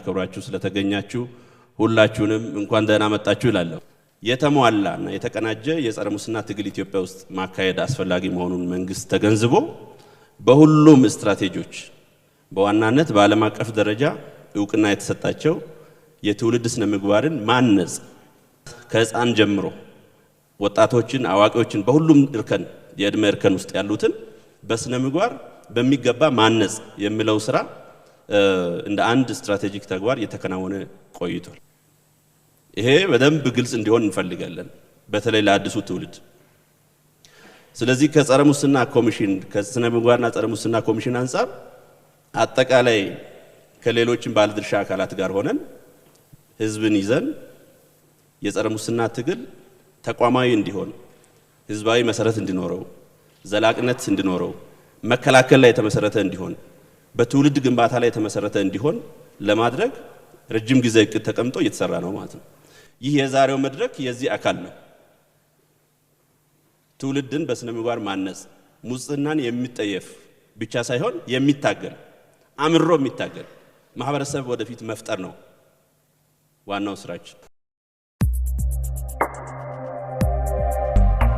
አክብራችሁ ስለተገኛችሁ ሁላችሁንም እንኳን ደህና መጣችሁ ይላለሁ። የተሟላ እና የተቀናጀ የጸረ ሙስና ትግል ኢትዮጵያ ውስጥ ማካሄድ አስፈላጊ መሆኑን መንግስት ተገንዝቦ በሁሉም ስትራቴጂዎች በዋናነት በዓለም አቀፍ ደረጃ እውቅና የተሰጣቸው የትውልድ ስነ ምግባርን ማነጽ ከህፃን ጀምሮ ወጣቶችን፣ አዋቂዎችን በሁሉም እርከን የእድሜ እርከን ውስጥ ያሉትን በስነ ምግባር በሚገባ ማነጽ የሚለው ስራ እንደ አንድ ስትራቴጂክ ተግባር እየተከናወነ ቆይቷል። ይሄ በደንብ ግልጽ እንዲሆን እንፈልጋለን፣ በተለይ ለአዲሱ ትውልድ። ስለዚህ ከጸረ ሙስና ኮሚሽን ከስነ ምግባርና ጸረ ሙስና ኮሚሽን አንጻር አጠቃላይ ከሌሎችን ባለድርሻ አካላት ጋር ሆነን ህዝብን ይዘን የጸረ ሙስና ትግል ተቋማዊ እንዲሆን ህዝባዊ መሰረት እንዲኖረው ዘላቅነት እንዲኖረው መከላከል ላይ የተመሰረተ እንዲሆን በትውልድ ግንባታ ላይ የተመሰረተ እንዲሆን ለማድረግ ረጅም ጊዜ እቅድ ተቀምጦ እየተሰራ ነው ማለት ነው። ይህ የዛሬው መድረክ የዚህ አካል ነው። ትውልድን በስነ ምግባር ማነጽ፣ ሙስናን የሚጠየፍ ብቻ ሳይሆን የሚታገል አምሮ የሚታገል ማህበረሰብ ወደፊት መፍጠር ነው ዋናው ስራችን።